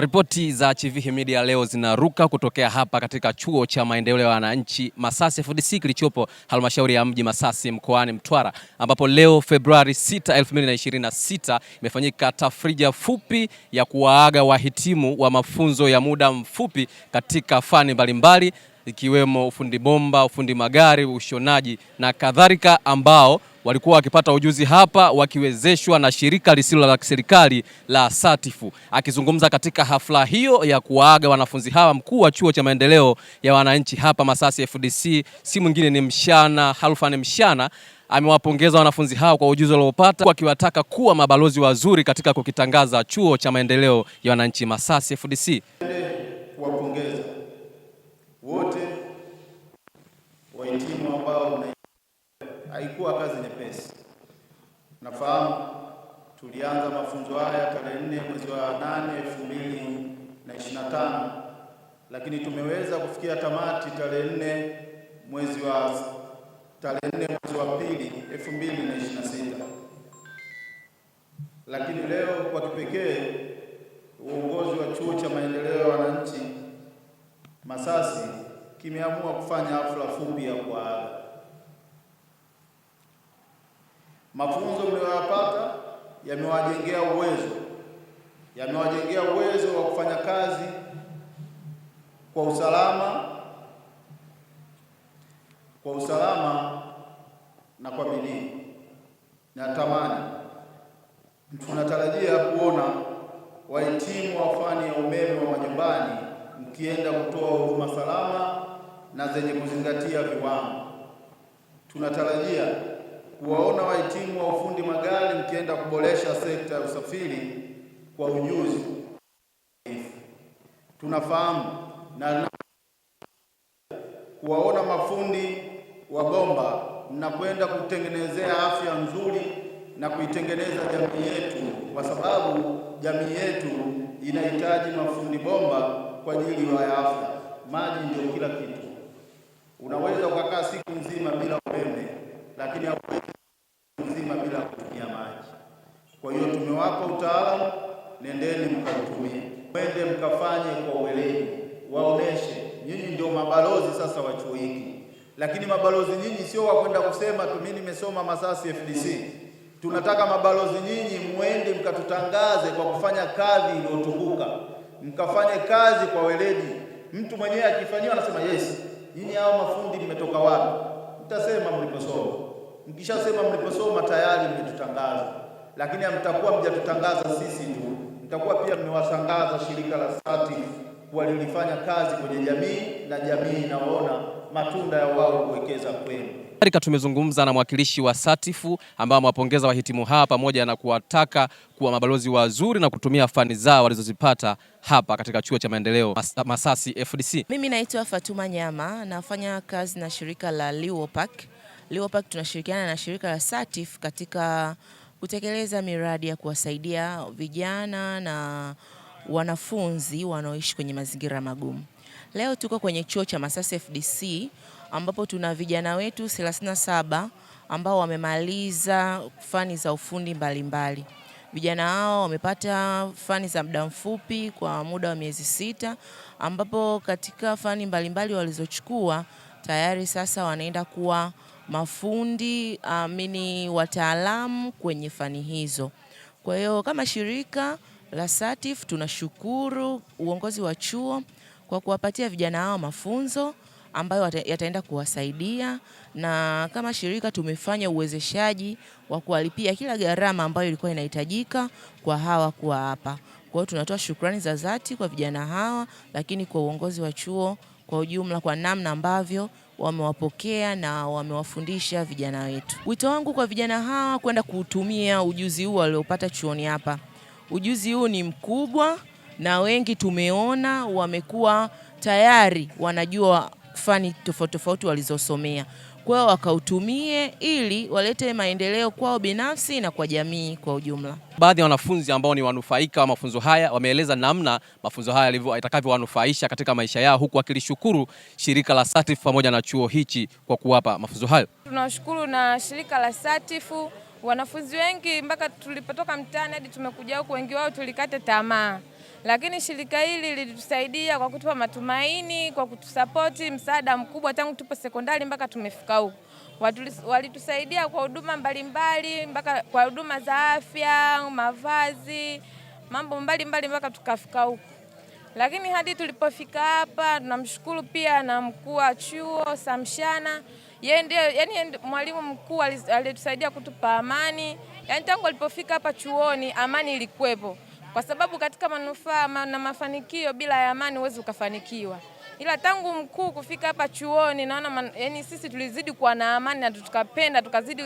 Ripoti za Chivihi Media leo zinaruka kutokea hapa katika chuo cha maendeleo ya wananchi Masasi FDC kilichopo halmashauri ya mji Masasi mkoani Mtwara, ambapo leo Februari 6, 2026 imefanyika tafrija fupi ya kuwaaga wahitimu wa mafunzo ya muda mfupi katika fani mbalimbali ikiwemo ufundi bomba, ufundi magari, ushonaji na kadhalika, ambao walikuwa wakipata ujuzi hapa wakiwezeshwa na shirika lisilo la serikali la Satifu. Akizungumza katika hafla hiyo ya kuwaaga wanafunzi hawa, mkuu wa chuo cha maendeleo ya wananchi hapa Masasi FDC, si mwingine ni Mshana Halfan Mshana amewapongeza wanafunzi hao kwa ujuzi waliopata, akiwataka kuwa mabalozi wazuri katika kukitangaza chuo cha maendeleo ya wananchi Masasi FDC. Kuwapongeza haikuwa kazi nyepesi. Nafahamu tulianza mafunzo haya tarehe nne mwezi wa nane elfu mbili na ishirini na tano lakini tumeweza kufikia tamati tarehe nne mwezi wa tarehe nne mwezi wa pili elfu mbili na ishirini na sita lakini leo kwa kipekee uongozi wa Chuo cha Maendeleo ya Wananchi Masasi kimeamua kufanya hafla fupi ya kuaga Mafunzo mliyoyapata yamewajengea uwezo, yamewajengea uwezo wa kufanya kazi kwa usalama, kwa usalama na kwa bidii. Natamani, tunatarajia kuona wahitimu wa fani ya umeme wa majumbani mkienda kutoa huduma salama na zenye kuzingatia viwango. Tunatarajia kuwaona wahitimu wa ufundi magari mkienda kuboresha sekta ya usafiri kwa ujuzi. Tunafahamu na kuwaona mafundi wa bomba mnakwenda kutengenezea afya nzuri na kuitengeneza jamii yetu, kwa sababu jamii yetu inahitaji mafundi bomba kwa ajili ya afya. sasa hiki Lakini mabalozi nyinyi sio wakwenda kusema tu mimi nimesoma Masasi FDC. Tunataka mabalozi nyinyi muende mkatutangaze kwa kufanya kazi iliyotukuka, mkafanye kazi kwa weledi. Mtu mwenyewe akifanyiwa anasema yes, nyinyi hao mafundi nimetoka wapi? Mtasema mliposoma. Mkishasema mliposoma tayari mmetutangaza, lakini hamtakuwa mjatutangaza sisi tu, mtakuwa pia mmewasangaza shirika la SATF waliolifanya kazi kwenye jamii na jamii inawaona matunda ya wao kuwekeza kwenu. Kadhalika tumezungumza na mwakilishi wa Satifu ambao amewapongeza wahitimu hapa pamoja na kuwataka kuwa mabalozi wazuri na kutumia fani zao walizozipata hapa katika chuo cha maendeleo Masasi FDC. Mimi naitwa Fatuma Nyama, nafanya kazi na shirika la Leopark. Leopark tunashirikiana na shirika la Satif katika kutekeleza miradi ya kuwasaidia vijana na wanafunzi wanaoishi kwenye mazingira magumu. Leo tuko kwenye chuo cha Masasi FDC ambapo tuna vijana wetu 37 ambao wamemaliza fani za ufundi mbalimbali mbali. Vijana hao wamepata fani za muda mfupi kwa muda wa miezi sita ambapo katika fani mbalimbali walizochukua tayari sasa wanaenda kuwa mafundi amini, ah, wataalamu kwenye fani hizo. Kwa hiyo kama shirika LASATIF tunashukuru uongozi wa chuo kwa kuwapatia vijana hao mafunzo ambayo yataenda kuwasaidia, na kama shirika tumefanya uwezeshaji wa kuwalipia kila gharama ambayo ilikuwa inahitajika kwa hawa kuwa hapa. Kwa hiyo tunatoa shukrani za dhati kwa vijana hawa, lakini kwa uongozi wa chuo kwa ujumla kwa namna ambavyo wamewapokea na wamewafundisha vijana wetu. Wito wangu kwa vijana hawa kwenda kuutumia ujuzi huu waliopata chuoni hapa. Ujuzi huu ni mkubwa na wengi tumeona wamekuwa tayari wanajua fani tofauti tofauti walizosomea, kwa hiyo wakautumie ili walete maendeleo kwao binafsi na kwa jamii kwa ujumla. Baadhi ya wanafunzi ambao ni wanufaika wa mafunzo haya wameeleza namna mafunzo haya itakavyowanufaisha katika maisha yao, huku wakilishukuru shirika la Satifu pamoja na chuo hichi kwa kuwapa mafunzo hayo. Tunashukuru na shirika la Satifu Wanafunzi wengi mpaka tulipotoka mtaani hadi tumekuja huku, wengi wao tulikata tamaa, lakini shirika hili lilitusaidia kwa kutupa matumaini, kwa kutusapoti msaada mkubwa tangu tupo sekondari mpaka tumefika huku. Walitusaidia kwa huduma mbalimbali, mpaka kwa huduma za afya, mavazi, mambo mbalimbali mpaka tukafika huku lakini hadi tulipofika hapa, tunamshukuru pia na mkuu wa chuo Samshana yeye ndiye yani mwalimu mkuu aliyetusaidia kutupa amani. Yani tangu alipofika hapa chuoni amani ilikuwepo, kwa sababu katika manufaa na mafanikio bila ya amani huwezi ukafanikiwa, ila tangu mkuu kufika hapa chuoni naona yani sisi tulizidi kuwa na amani na tukapenda tukazidi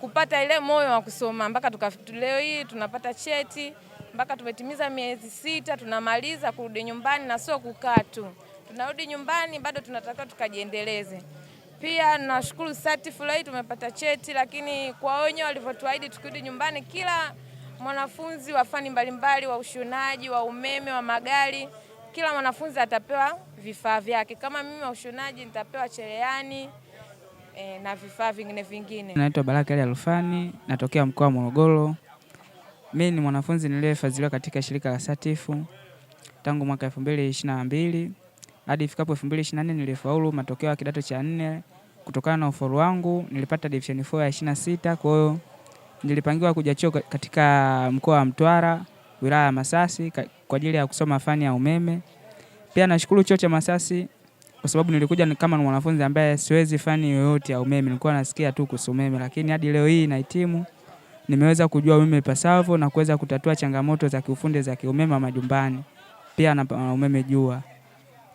kupata ile moyo wa kusoma mpaka leo hii tunapata cheti mpaka tumetimiza miezi sita, tunamaliza kurudi nyumbani na sio kukaa tu. Tunarudi nyumbani bado tunatakiwa tukajiendeleze. Pia nashukuru fulai tumepata cheti, lakini kwa onyo walivyotuahidi tukirudi nyumbani, kila mwanafunzi wa fani mbalimbali wa ushonaji, wa umeme, wa magari, kila mwanafunzi atapewa vifaa vyake. Kama mimi wa ushonaji nitapewa cherehani e, na vifaa vingine vingine. Naitwa Baraka Ali Alufani, natokea mkoa wa Morogoro. Mimi ni mwanafunzi niliyefadhiliwa katika shirika la Satifu tangu mwaka 2022 hadi ifikapo 2024 nilifaulu matokeo ya kidato cha nne. Kutokana na ufaulu wangu nilipata division 4 ya 26. Kwa hiyo nilipangiwa kuja chuo katika mkoa wa Mtwara, wilaya ya Masasi kwa ajili ya kusoma fani ya umeme. Pia nashukuru chuo cha Masasi kwa sababu nilikuja kama ni mwanafunzi ambaye siwezi fani yoyote ya umeme, nilikuwa nasikia tu kuhusu umeme, lakini hadi leo hii nahitimu, nimeweza kujua umeme ipasavyo na kuweza kutatua changamoto za kiufundi za kiumeme majumbani, pia na umeme jua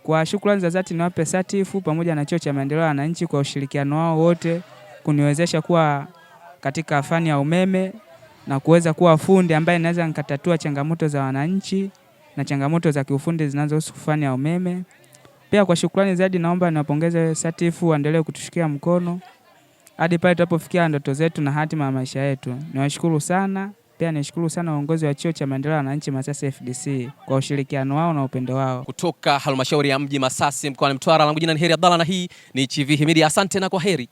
kwa shukrani za dhati niwape Satifu pamoja na Chuo cha Maendeleo ya Wananchi kwa ushirikiano wao wote kuniwezesha kuwa katika fani ya umeme na kuweza kuwa fundi ambaye naweza nikatatua changamoto za wananchi na changamoto za kiufundi zinazohusu fani ya umeme. Pia kwa shukrani zaidi naomba niwapongeze Satifu waendelee kutushikia mkono hadi pale tutapofikia ndoto zetu na hatima ya maisha yetu. Niwashukuru sana. Pia nishukuru sana uongozi wa Chuo cha Maendeleo ya Wananchi Masasi FDC kwa ushirikiano wao na upendo wao. Kutoka halmashauri ya mji Masasi mkoani Mtwara, langu jina ni Heri Abdalla na hii ni Chivihi Media. Asante na kwa heri.